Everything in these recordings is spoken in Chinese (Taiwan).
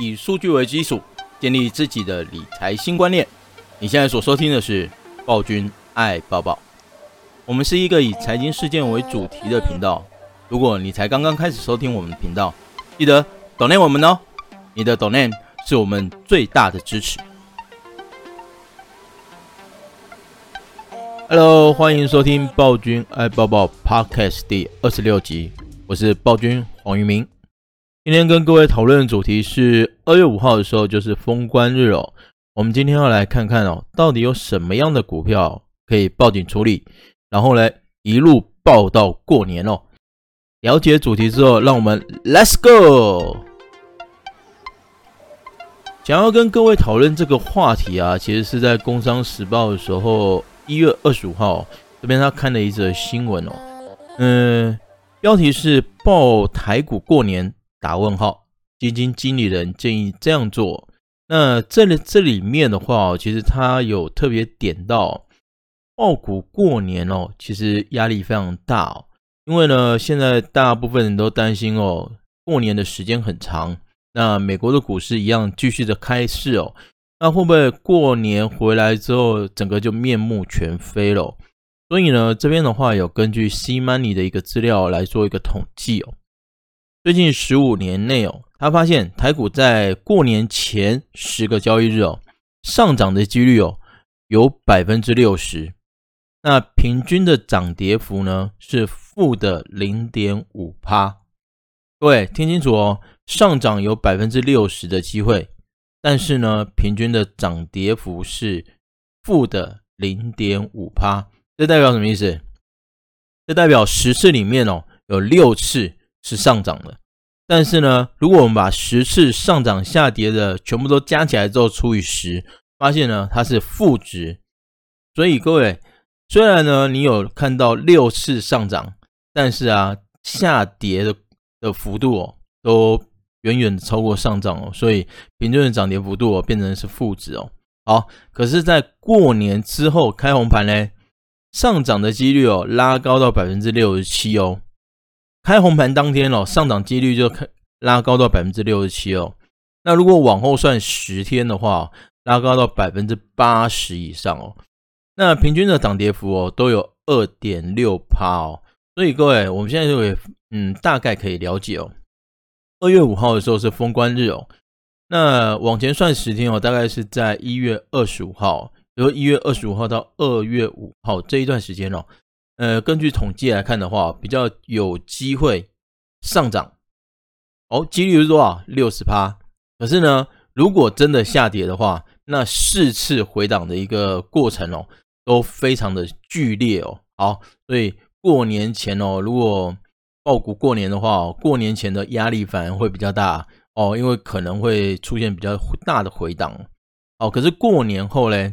以數據為基礎，建立自己的理財新觀念。你現在所收聽的是《暴君愛抱抱》，我們是一個以財經事件為主題的頻道。如果你才剛剛開始收聽我們的頻道，記得 donate 我們哦，你的 donate 是我們最大的支持。Hello，歡迎收聽《暴君愛抱抱》Podcast 第二十六集，我是暴君黃玉明。今天跟各位討論的主題是二月五號的時候，就是封關日哦。我們今天要來看看哦，到底有什麼樣的股票可以報警處理，然後呢，一路抱到過年哦。了解主題之後，讓我們 Let's Go。想要跟各位討論這個話題啊，其實是在《工商時報》的時候，一月二十五號這邊他看了一則新聞哦，嗯，標題是抱台股過年。打問號，基金經理人建議這樣做。那這裡這裡面的話，其實它有特別點到，抱股過年哦，其實壓力非常大哦。因為呢，現在大部分人都擔心哦，過年的時間很長，那美國的股市一樣繼續的開市哦，那會不會過年回來之後，整個就面目全非了？所以呢，這邊的話有根據 C Money 的一個資料來做一個統計哦。最近十五年內哦，他發現台股在過年前十個交易日哦，上漲的幾率哦，有百分之六十。那平均的漲跌幅呢是負的零點五趴。各位聽清楚哦，上漲有百分之六十的機會，但是呢，平均的漲跌幅是負的零點五趴。這代表什麼意思？這代表十次裡面哦，有六次。是上漲的，但是呢，如果我們把十次上漲下跌的全部都加起來之後除以十，發現呢它是負值。所以各位，雖然呢你有看到六次上漲，但是啊下跌的的幅度哦都遠遠超過上漲哦，所以平均的漲跌幅度哦，變成是負值哦。好，可是，在過年之後開紅盤嘞，上漲的幾率哦拉高到百分之六十七哦。開紅盤當天哦，上漲幾率就開拉高到百分之六十七哦。那如果往後算十天的話，拉高到百分之八十以上哦。那平均的漲跌幅哦，都有二點六趴哦。所以各位，我們現在就也嗯，大概可以了解哦。二月五號的時候是封關日哦。那往前算十天哦，大概是在一月二十五號，由一月二十五號到二月五號這一段時間哦。呃，根據統計來看的話，比較有機會上漲，哦，幾率是多少？六十趴。可是呢，如果真的下跌的話，那四次回檔的一個過程哦，都非常的劇烈哦。好，所以過年前哦，如果抱股過年的話，過年前的壓力反而會比較大哦，因為可能會出現比較大的回檔。好，可是過年後呢，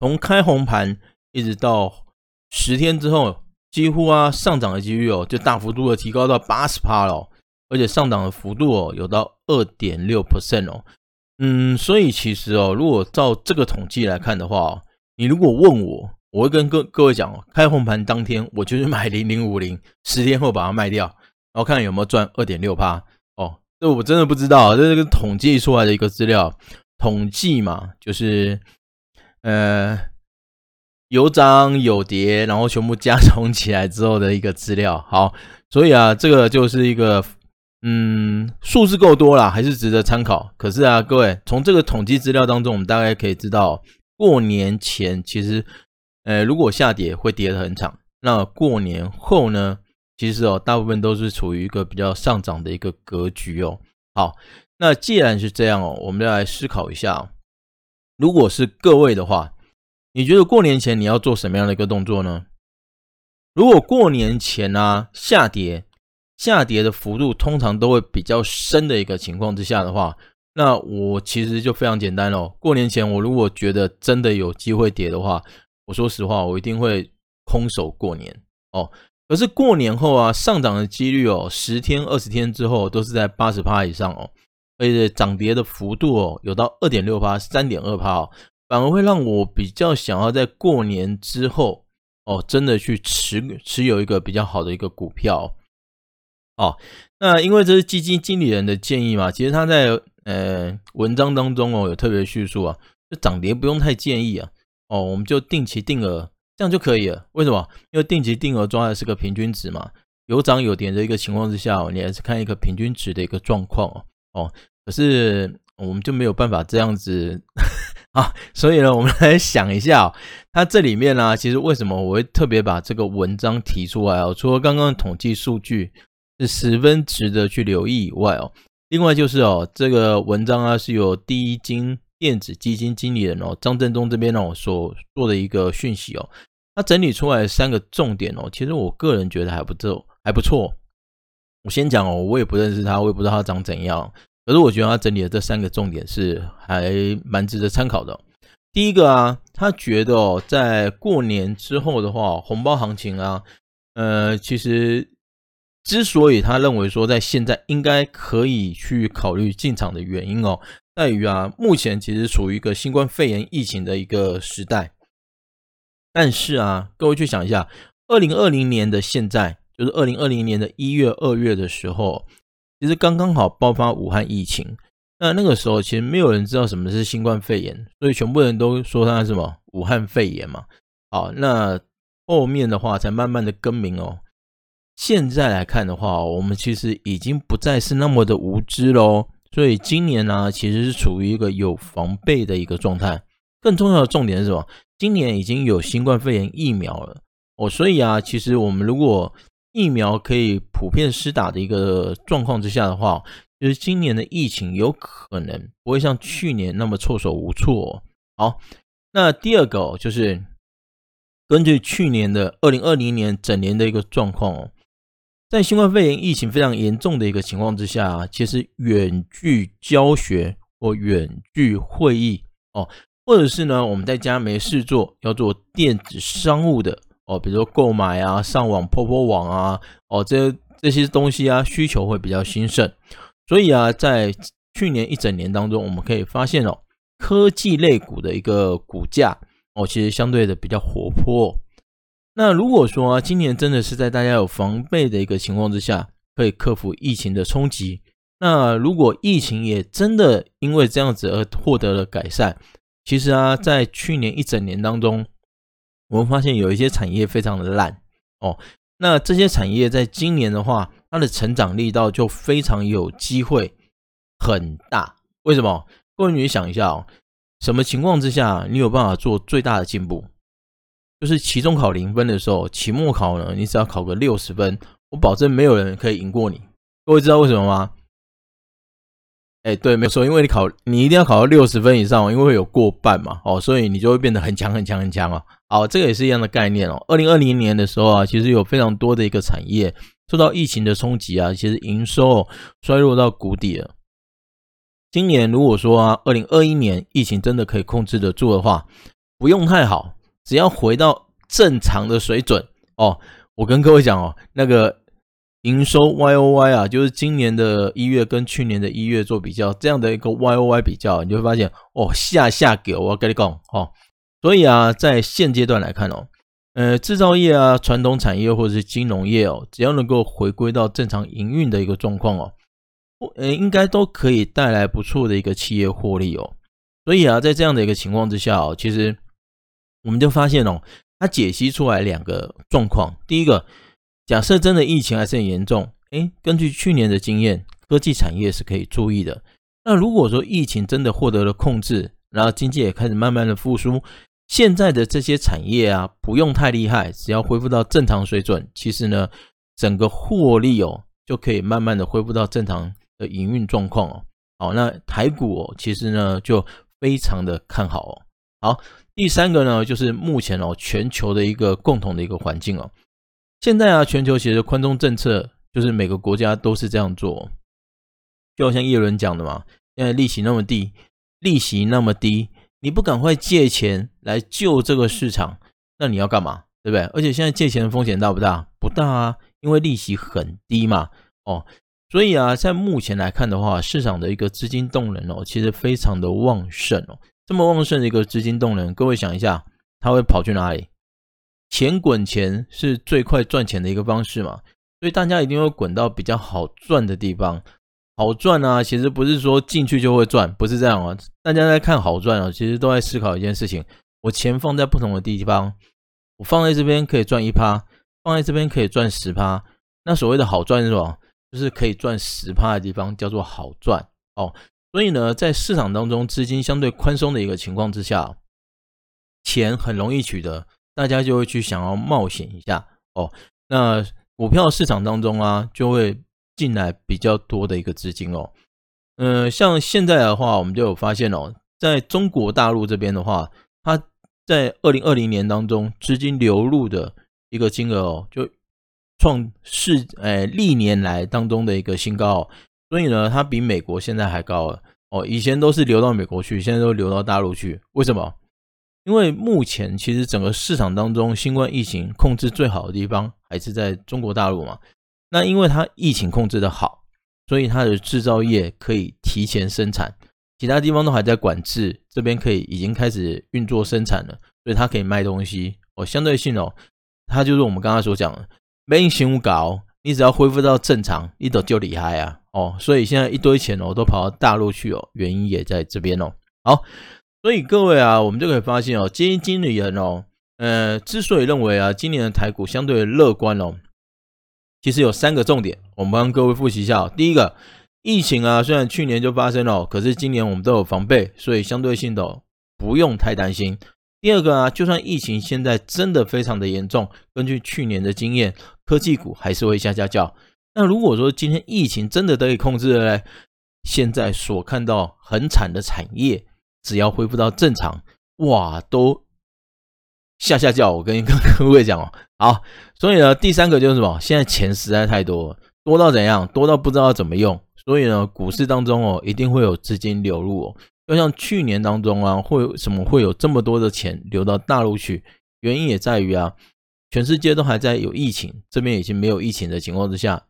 從開紅盤一直到。十天之後，幾乎啊上漲的幾率哦，就大幅度的提高到八十趴了、哦，而且上漲的幅度哦有到二點六 percent 哦。嗯，所以其實哦，如果照這個統計來看的話、哦，你如果問我，我會跟各各位講、哦，開紅盤當天我就是買零零五零，十天後把它賣掉，然後看有沒有賺二點六趴哦。這我真的不知道，這是個統計出來的一個資料，統計嘛，就是呃。有漲有跌，然後全部加總起來之後的一個資料，好，所以啊，這個就是一個嗯，數字夠多啦，還是值得參考。可是啊，各位從這個統計資料當中，我們大概可以知道，過年前其實，呃如果下跌會跌得很慘。那過年後呢，其實哦，大部分都是處於一個比較上漲的一個格局哦。好，那既然是這樣哦，我們要來思考一下哦，如果是各位的話。你覺得過年前你要做什麼樣的一個動作呢？如果過年前啊下跌，下跌的幅度通常都會比較深的一個情況之下的話，那我其實就非常簡單嘍、哦。過年前我如果覺得真的有機會跌的話，我說實話，我一定會空手過年哦。可是過年後啊上漲的幾率哦，十天二十天之後都是在八十趴以上哦，而且漲跌的幅度哦有到二點六趴，三點二趴哦。反而會讓我比較想要在過年之後哦，真的去持持有一個比較好的一個股票，哦，那因為這是基金經理人的建議嘛，其實他在呃文章當中哦有特別敘述啊，就漲跌不用太建議啊，哦，我們就定期定額這樣就可以了。為什麼？因為定期定額抓的是個平均值嘛，有漲有跌的一個情況之下，哦，你還是看一個平均值的一個狀況哦，哦，可是我們就沒有辦法這樣子。啊，所以呢，我們來想一下，它這裡面呢，其實為什麼我會特別把這個文章提出來哦？除了剛剛統計數據是十分值得去留意以外哦，另外就是哦，這個文章啊，是由第一金電子基金經理人哦，張振東這邊哦所做的一個訊息哦，他整理出來的三個重點哦，其實我個人覺得還不錯，還不錯。我先講哦，我也不認識他，我也不知道他長怎樣。可是我覺得他整理的這三個重點是還蠻值得參考的。第一個啊，他覺得哦，在過年之後的話，紅包行情啊，呃，其實之所以他認為說在現在應該可以去考慮進場的原因哦，在於啊，目前其實處於一個新冠肺炎疫情的一個時代。但是啊，各位去想一下，二零二零年的現在，就是二零二零年的一月、二月的時候。其實剛剛好爆發武漢疫情，那那個時候其實沒有人知道什麼是新冠肺炎，所以全部人都說它什麼武漢肺炎嘛。好，那後面的話才慢慢的更名哦。現在來看的話，我們其實已經不再是那麼的無知嘍、哦。所以今年呢、啊，其實是處於一個有防備的一個狀態。更重要的重點是什麼？今年已經有新冠肺炎疫苗了哦，所以啊，其實我們如果疫苗可以普遍施打的一個狀況之下的話，就是今年的疫情有可能不會像去年那麼措手無措哦。好，那第二個就是根據去年的二零二零年整年的一個狀況哦，在新冠肺炎疫情非常嚴重的一個情況之下，其實遠距教學或遠距會議哦，或者是呢，我們在家沒事做，要做電子商務的。哦，比如說購買啊，上網、破破網啊，哦，這這些東西啊，需求會比較興盛，所以啊，在去年一整年當中，我們可以發現哦，科技類股的一個股價哦，其實相對的比較活潑。那如果說啊，今年真的是在大家有防備的一個情況之下，可以克服疫情的衝擊，那如果疫情也真的因為這樣子而獲得了改善，其實啊，在去年一整年當中。我們發現有一些產業非常的爛哦，那這些產業在今年的話，它的成長力道就非常有機會很大。為什麼？各位你想一下哦，什麼情況之下你有辦法做最大的進步？就是期中考零分的時候，期末考呢，你只要考個六十分，我保證沒有人可以贏過你。各位知道為什麼嗎？哎、欸，對，沒錯，因為你考你一定要考到六十分以上，因為會有過半嘛，哦，所以你就會變得很強很強很強啊。好，這個也是一樣的概念哦。二零二零年的時候啊，其實有非常多的一個產業受到疫情的衝擊啊，其實營收、哦、衰落，到谷底了。今年如果說啊，二零二一年疫情真的可以控制得住的話，不用太好，只要回到正常的水準哦。我跟各位講哦，那個營收 Y O Y 啊，就是今年的一月跟去年的一月做比較，這樣的一個 Y O Y 比較，你就會發現哦，下下狗，我要跟你講哦。所以啊，在現階段來看哦，呃，製造業啊、傳統產業或者是金融業哦，只要能夠回歸到正常營運的一個狀況哦，呃，應該都可以帶來不錯的一個企業獲利哦。所以啊，在這樣的一個情況之下哦，其實我們就發現哦，它解析出來兩個狀況：第一個，假設真的疫情還是很嚴重，誒，根據去年的經驗，科技產業是可以注意的；那如果說疫情真的獲得了控制，然後經濟也開始慢慢的復甦，現在的這些產業啊，不用太厲害，只要恢復到正常水準，其實呢，整個獲利哦，就可以慢慢的恢復到正常的營運狀況哦。好，那台股哦，其實呢就非常的看好哦。好，第三個呢，就是目前哦，全球的一個共同的一個環境哦，現在啊，全球其實寬鬆政策就是每個國家都是這樣做，就好像葉倫講的嘛，現在利息那麼低。利息那麼低，你不趕快借錢來救這個市場，那你要幹嘛？對不對？而且現在借錢的風險大不大？不大啊，因為利息很低嘛。哦，所以啊，在目前來看的話，市場的一個資金動能哦，其實非常的旺盛哦。這麼旺盛的一個資金動能，各位想一下，它會跑去哪裡？錢滾錢是最快賺錢的一個方式嘛，所以大家一定會滾到比較好賺的地方。好賺啊，其實不是說進去就會賺，不是這樣啊。大家在看好賺啊，其實都在思考一件事情：我錢放在不同的地方，我放在這邊可以賺一趴，放在這邊可以賺十趴。那所謂的好賺是什麼？就是可以賺十趴的地方叫做好賺哦。所以呢，在市場當中資金相對寬鬆的一個情況之下，錢很容易取得，大家就會去想要冒險一下哦。那股票市場當中啊，就會。進來比較多的一個資金哦，嗯，像現在的話，我們就有發現哦，在中國大陸這邊的話，它在二零二零年當中資金流入的一個金額哦，就創是，哎歷年來當中的一個新高哦，所以呢，它比美國現在還高了哦，以前都是流到美國去，現在都流到大陸去，為什麼？因為目前其實整個市場當中新冠疫情控制最好的地方還是在中國大陸嘛。那因為它疫情控制的好，所以它的製造業可以提前生產，其他地方都還在管制，這邊可以已經開始運作生產了，所以它可以賣東西。哦，相對性哦，它就是我們剛剛所講的，沒人情無搞，你只要恢復到正常，一抖就厲害啊。哦，所以現在一堆錢哦都跑到大陸去哦，原因也在這邊哦。好，所以各位啊，我們就可以發現哦，基金經理人哦，呃，之所以認為啊，今年的台股相對的樂觀哦。其實有三個重點，我們幫各位復習一下哦。第一個，疫情啊，雖然去年就發生了，可是今年我們都有防備，所以相對性的哦，不用太擔心。第二個啊，就算疫情現在真的非常的嚴重，根據去年的經驗，科技股還是會下下叫。那如果說今天疫情真的得以控制了呢，現在所看到很慘的產業，只要恢復到正常，哇，都下下叫，我跟，跟各位講哦。好，所以呢，第三個就是什麼？現在錢實在太多了，多到怎樣？多到不知道怎麼用。所以呢，股市當中哦，一定會有資金流入哦。就像去年當中啊，會為什麼會有這麼多的錢流到大陸去？原因也在於啊，全世界都還在有疫情，這邊已經沒有疫情的情況之下，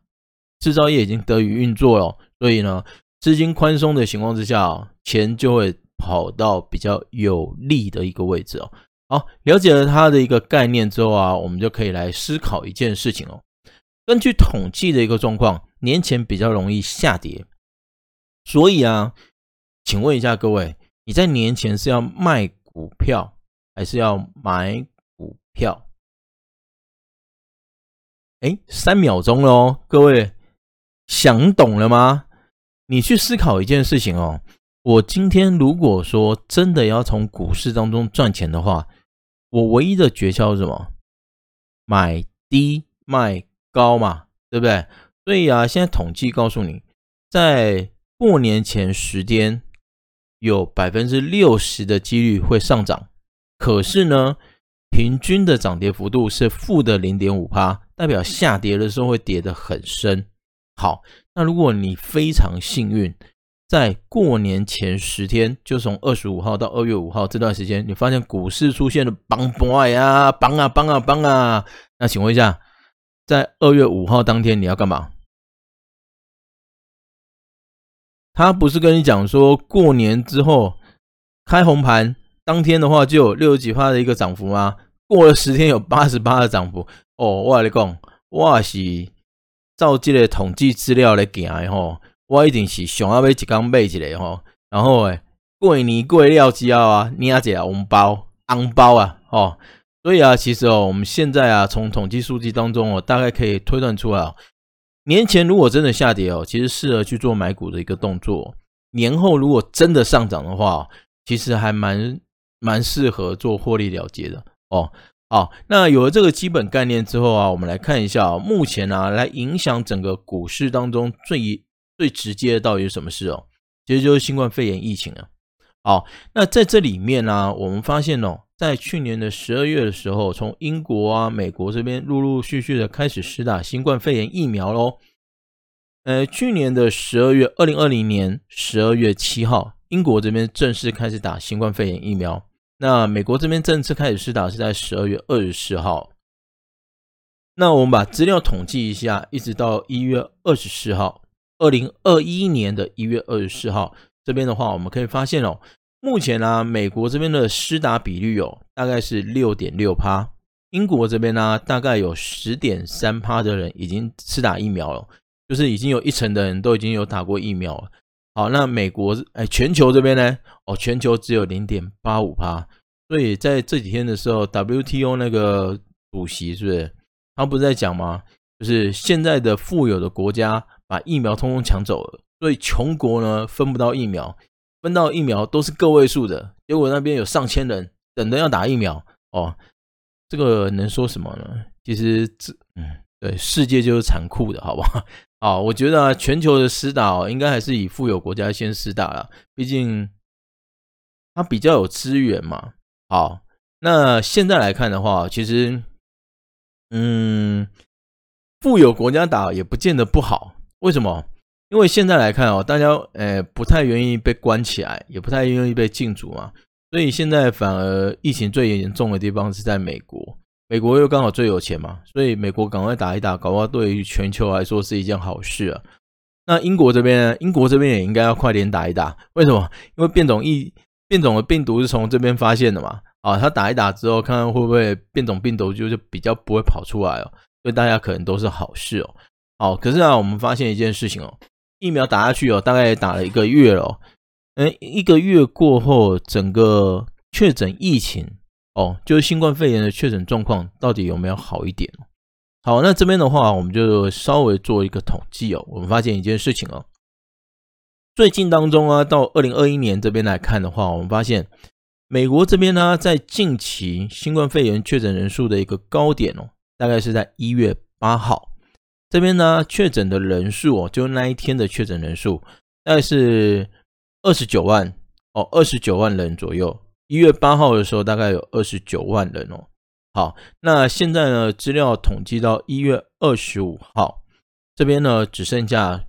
製造業已經得以運作了哦。所以呢，資金寬鬆的情況之下哦，錢就會跑到比較有利的一個位置哦。好，了解了它的一個概念之後啊，我們就可以來思考一件事情哦。根據統計的一個狀況，年前比較容易下跌，所以啊，請問一下各位，你在年前是要賣股票還是要買股票？哎，三秒鐘嘍，各位想懂了嗎？你去思考一件事情哦。我今天如果說真的要從股市當中賺錢的話，我唯一的訣竅是什麼？買低賣高嘛，對不對？所以啊，現在統計告訴你，在過年前十天，有百分之六十的幾率會上漲，可是呢，平均的漲跌幅度是負的零點五趴，代表下跌的時候會跌得很深。好，那如果你非常幸運。在過年前十天，就從二十五號到二月五號這段時間，你發現股市出現了崩崩啊崩啊崩啊崩啊，啊。那請問一下，在二月五號當天你要幹嘛？他不是跟你講說過年之後開紅盤，當天的話就有六十幾趴的一個漲幅嗎？過了十天有八十八的漲幅哦。我跟你講，我是照這個統計資料來講的吼。我一定是想要買幾剛買起來吼，然後誒，過年過料之後啊，你要也紅包、紅包啊，吼、哦。所以啊，其實哦，我們現在啊，從統計數據當中哦，大概可以推斷出來啊、哦、年前如果真的下跌哦，其實適合去做買股的一個動作；年後如果真的上漲的話，其實還蠻蠻適合做獲利了結的哦。好、哦，那有了這個基本概念之後啊，我們來看一下、哦、目前啊，來影響整個股市當中最。最直接的到底是什麼事哦？其實就是新冠肺炎疫情啊。好，那在這裡面呢、啊，我們發現哦，在去年的十二月的時候，從英國啊、美國這邊陸陸續續的開始施打新冠肺炎疫苗嘍。呃，去年的十二月，二零二零年十二月七號，英國這邊正式開始打新冠肺炎疫苗。那美國這邊正式開始施打是在十二月二十四號。那我們把資料統計一下，一直到一月二十四號。二零二一年的一月二十四號，這邊的話，我們可以發現哦，目前呢、啊，美國這邊的施打比率哦，大概是六點六趴；英國這邊呢、啊，大概有十點三趴的人已經施打疫苗了，就是已經有一成的人都已經有打過疫苗了。好，那美國哎，全球這邊呢，哦，全球只有零點八五趴。所以在這幾天的時候，WTO 那個主席是不是，他不是在講嗎？就是現在的富有的國家。把疫苗通通搶走了，所以窮國呢，分不到疫苗，分到疫苗都是個位數的。結果那邊有上千人等着要打疫苗哦，這個能說什麼呢？其實這，嗯，對，世界就是殘酷的，好不好？啊，我覺得、啊、全球的施打、哦、應該還是以富有國家先施打了，畢竟他比較有資源嘛。好，那現在來看的話，其實，嗯，富有國家打也不見得不好。為什麼？因為現在來看哦，大家誒、呃、不太願意被關起來，也不太願意被禁足嘛，所以現在反而疫情最嚴重的地方是在美國。美國又剛好最有錢嘛，所以美國趕快打一打，搞不好對於全球來說是一件好事啊。那英國這邊呢？英國這邊也應該要快點打一打。為什麼？因為變種疫變種的病毒是從這邊發現的嘛。啊，它打一打之後，看看會不會變種病毒就是比較不會跑出來哦。對，大家可能都是好事哦。好，可是啊，我們發現一件事情哦，疫苗打下去哦，大概也打了一個月了哦，嗯，一個月過後，整個確診疫情哦，就是新冠肺炎的確診狀況到底有沒有好一點哦？好，那這邊的話，我們就稍微做一個統計哦，我們發現一件事情哦，最近當中啊，到二零二一年這邊來看的話，我們發現美國這邊呢，在近期新冠肺炎確診人數的一個高點哦，大概是在一月八號。這邊呢，確診的人數哦，就那一天的確診人數，大概是二十九萬哦，二十九萬人左右。一月八號的時候，大概有二十九萬人哦。好，那現在呢，資料統計到一月二十五號，這邊呢，只剩下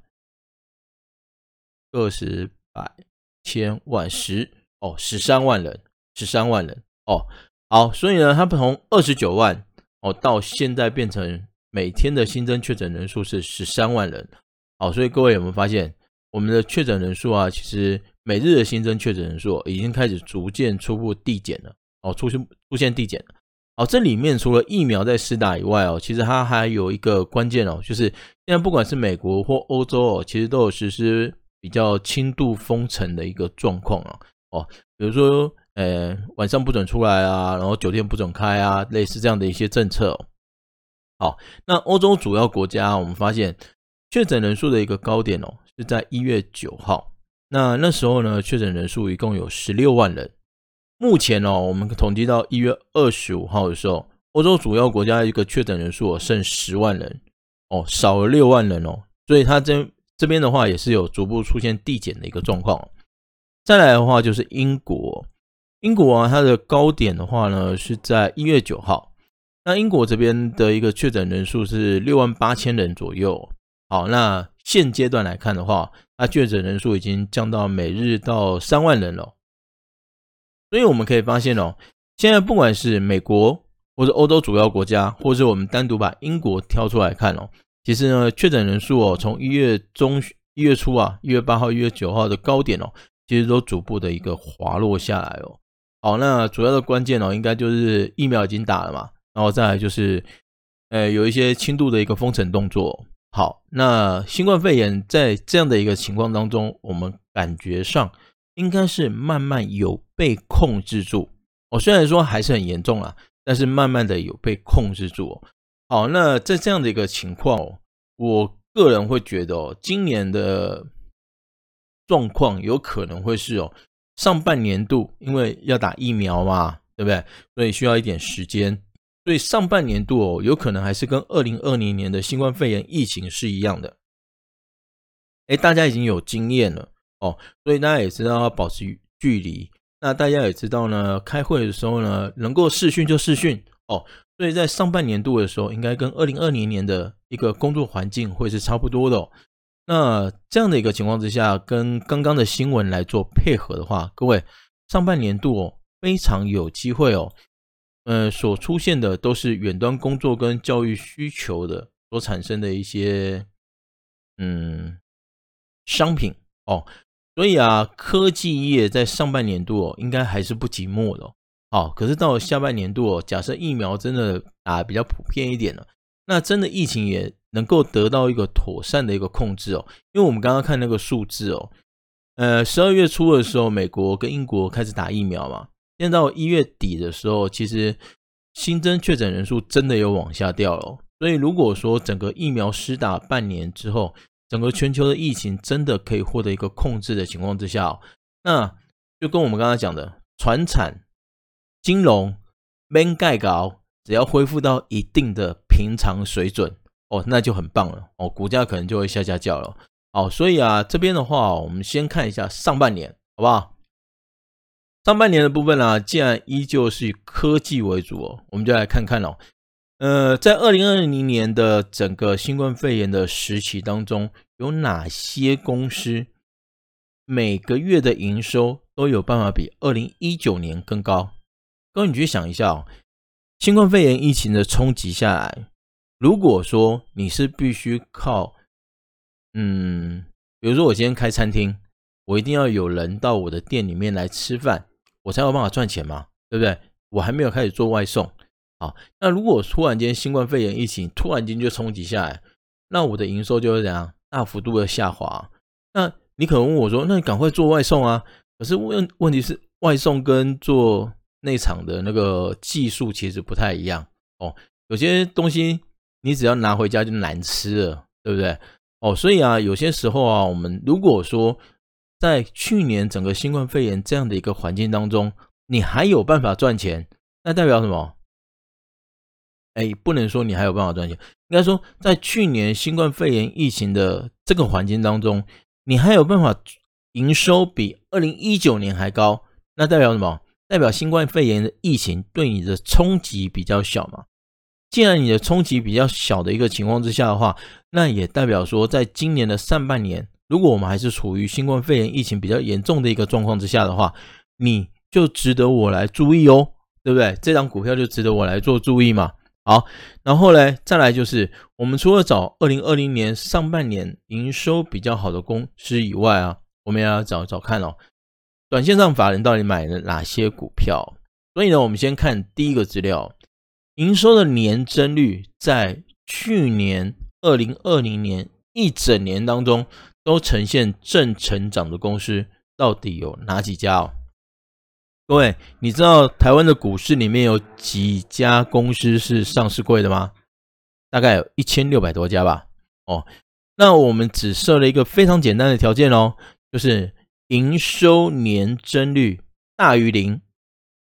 二十百千萬十哦十三萬人，十三萬人哦。好，所以呢，它從二十九萬哦到現在變成。每天的新增確診人數是十三萬人，好，所以各位有沒有發現，我們的確診人數啊，其實每日的新增確診人數已經開始逐漸初步遞減了，哦，出現出現遞減了，好，這裡面除了疫苗在施打以外哦，其實它還有一個關鍵哦，就是現在不管是美國或歐洲哦，其實都有實施比較輕度封城的一個狀況啊，哦，比如說呃晚上不准出來啊，然後酒店不准開啊，類似這樣的一些政策，哦。好，那歐洲主要國家，我們發現確診人數的一個高點哦，是在一月九號。那那時候呢，確診人數一共有十六萬人。目前哦，我們統計到一月二十五號的時候，歐洲主要國家一個確診人數剩十萬人哦，少了六萬人哦。所以它這這邊的話也是有逐步出現遞減的一個狀況。再來的話就是英國，英國啊，它的高點的話呢，是在一月九號。那英國這邊的一個確診人數是六萬八千人左右。好，那現階段來看的話，那確診人數已經降到每日到三萬人了。所以我們可以發現哦，現在不管是美國或者歐洲主要國家，或是我們單獨把英國挑出來看哦，其實呢，確診人數哦，從一月中，一月初啊，一月八號、一月九號的高點哦，其實都逐步的一個滑落下來哦。好，那主要的關鍵哦，應該就是疫苗已經打了嘛。然後再來就是，呃，有一些輕度的一個封城動作。好，那新冠肺炎在這樣的一個情況當中，我們感覺上應該是慢慢有被控制住。我、哦、雖然說還是很嚴重啊，但是慢慢的有被控制住。好，那在這樣的一個情況，我個人會覺得哦，今年的狀況有可能會是哦，上半年度因為要打疫苗嘛，對不對？所以需要一點時間。所以上半年度哦，有可能還是跟二零二零年的新冠肺炎疫情是一樣的，哎，大家已經有經驗了哦，所以大家也知道要保持距離。那大家也知道呢，開會的時候呢，能夠視訊就視訊哦。所以在上半年度的時候，應該跟二零二零年的一個工作環境會是差不多的哦。那這樣的一個情況之下，跟剛剛的新聞來做配合的話，各位上半年度哦，非常有機會哦。呃，所出現的都是遠端工作跟教育需求的所產生的一些嗯商品哦，所以啊，科技業在上半年度、哦、應該還是不寂寞的哦。好，可是到了下半年度、哦，假設疫苗真的打的比較普遍一點了，那真的疫情也能夠得到一個妥善的一個控制哦。因為我們剛剛看那個數字哦，呃，十二月初的時候，美國跟英國開始打疫苗嘛。現在到一月底的時候，其實新增確診人數真的有往下掉了。所以，如果說整個疫苗施打半年之後，整個全球的疫情真的可以獲得一個控制的情況之下，那就跟我們剛才講的，傳產、金融、邊蓋高，只要恢復到一定的平常水準哦，那就很棒了哦，股價可能就會嚇嚇叫了。哦，所以啊，這邊的話，我們先看一下上半年，好不好？上半年的部分啦、啊，既然依舊是以科技為主哦，我們就來看看哦，呃，在二零二零年的整個新冠肺炎的時期當中，有哪些公司每個月的營收都有辦法比二零一九年更高？各位你去想一下哦，新冠肺炎疫情的衝擊下來，如果說你是必須靠，嗯，比如說我今天開餐廳，我一定要有人到我的店裡面來吃飯。我才有辦法賺錢嘛，對不對？我還沒有開始做外送，那如果突然間新冠肺炎疫情突然間就衝擊下來，那我的營收就會怎樣大幅度的下滑？那你可能問我說，那你趕快做外送啊？可是問問題是，外送跟做內場的那個技術其實不太一樣哦。有些東西你只要拿回家就難吃了，對不對？哦，所以啊，有些時候啊，我們如果說。在去年整個新冠肺炎這樣的一個環境當中，你還有辦法賺錢，那代表什麼？哎，不能說你還有辦法賺錢，應該說在去年新冠肺炎疫情的這個環境當中，你還有辦法營收比二零一九年還高，那代表什麼？代表新冠肺炎的疫情對你的衝擊比較小嘛。既然你的衝擊比較小的一個情況之下的話，那也代表說在今年的上半年。如果我們還是處於新冠肺炎疫情比較嚴重的一個狀況之下的話，你就值得我來注意哦，對不對？這檔股票就值得我來做注意嘛。好，然後呢，再來就是我們除了找二零二零年上半年營收比較好的公司以外啊，我們也要找一找看哦，短線上法人到底買了哪些股票？所以呢，我們先看第一個資料，營收的年增率在去年二零二零年一整年當中。都呈現正成長的公司到底有哪幾家哦？各位，你知道台灣的股市裡面有幾家公司是上市櫃的嗎？大概有一千六百多家吧。哦，那我們只設了一個非常簡單的條件哦，就是營收年增率大於零，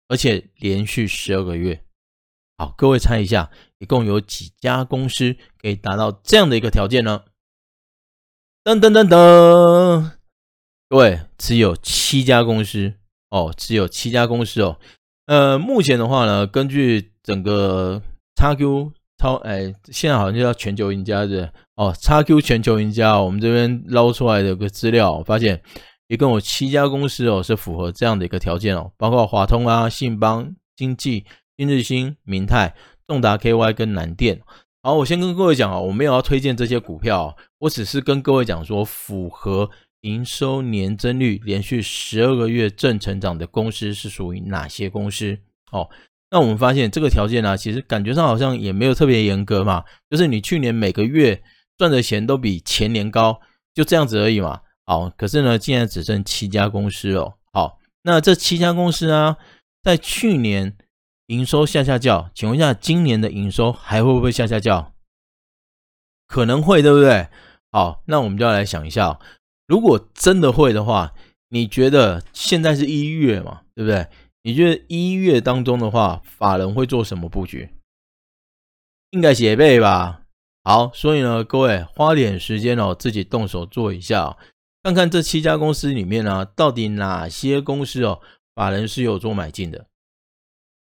而且連續十二個月。好，各位猜一下，一共有幾家公司可以達到這樣的一個條件呢？噔噔噔噔，登登登，各位，只有七家公司哦，只有七家公司哦。呃，目前的話呢，根據整個 XQ 超哎，現在好像就叫全球贏家的哦，XQ 全球贏家，我們這邊撈出來的一個資料，我發現一共有七家公司哦，是符合這樣的一個條件哦，包括華通啊、信邦、經濟、金日新、明泰、眾達 KY 跟南電。好，我先跟各位講啊，我沒有要推薦這些股票，我只是跟各位講說，符合營收年增率連續十二個月正成長的公司是屬於哪些公司？哦，那我們發現這個條件啊，其實感覺上好像也沒有特別嚴格嘛，就是你去年每個月賺的錢都比前年高，就這樣子而已嘛。好，可是呢，現在只剩七家公司哦。好，那這七家公司啊，在去年，營收下下降，請問一下，今年的營收還會不會下下降？可能會，對不對？好，那我們就要來想一下，如果真的會的話，你覺得現在是一月嘛，對不對？你覺得一月當中的話，法人會做什麼布局？應該是會買吧。好，所以呢，各位花點時間哦，自己動手做一下哦，看看這七家公司裡面呢、啊，到底哪些公司哦，法人是有做買進的。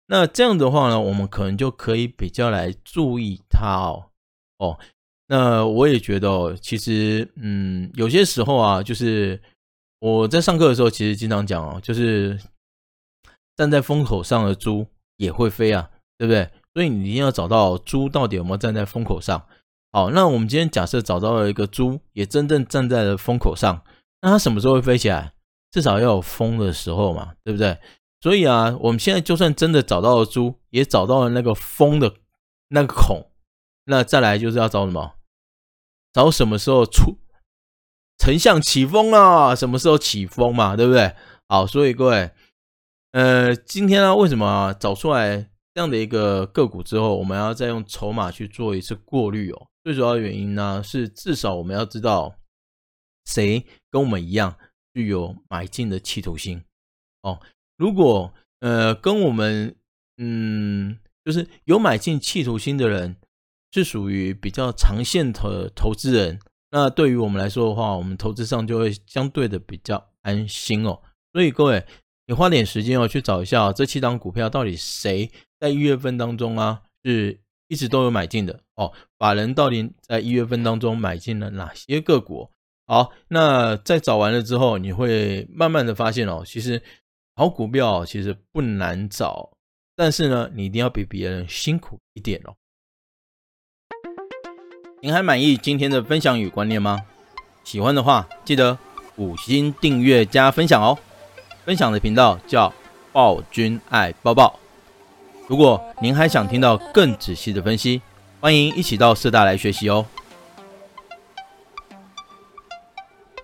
那這樣的話呢，我們可能就可以比較來注意它哦哦。那我也覺得哦，其實嗯，有些時候啊，就是我在上課的時候，其實經常講哦，就是站在風口上的豬也會飛啊，對不對？所以你一定要找到豬到底有沒有站在風口上。好，那我們今天假設找到了一個豬，也真正站在了風口上，那它什麼時候會飛起來？至少要有風的時候嘛，對不對？所以啊，我們現在就算真的找到了豬，也找到了那個風的那個孔。那再來就是要找什麼？找什麼時候出丞相起風啊，什麼時候起風嘛？對不對？好，所以各位，呃，今天呢、啊，為什麼、啊、找出來這樣的一個個股之後，我們要再用籌碼去做一次過濾哦？最主要的原因呢，是至少我們要知道誰跟我們一樣具有買進的企圖心哦。如果呃跟我們嗯，就是有買進企圖心的人，是屬於比較長線的投資人。那對於我們來說的話，我們投資上就會相對的比較安心哦。所以各位，你花點時間哦，去找一下、啊、這七檔股票到底誰在一月份當中啊是一直都有買進的哦。法人到底在一月份當中買進了哪些個股？好，那在找完了之後，你會慢慢的發現哦，其實。好股票其實不難找，但是呢，你一定要比別人辛苦一點哦。您還滿意今天的分享與觀念嗎？喜歡的話，記得五星訂閱加分享哦。分享的頻道叫“暴君愛爆爆”。如果您還想聽到更仔細的分析，歡迎一起到社大來學習哦。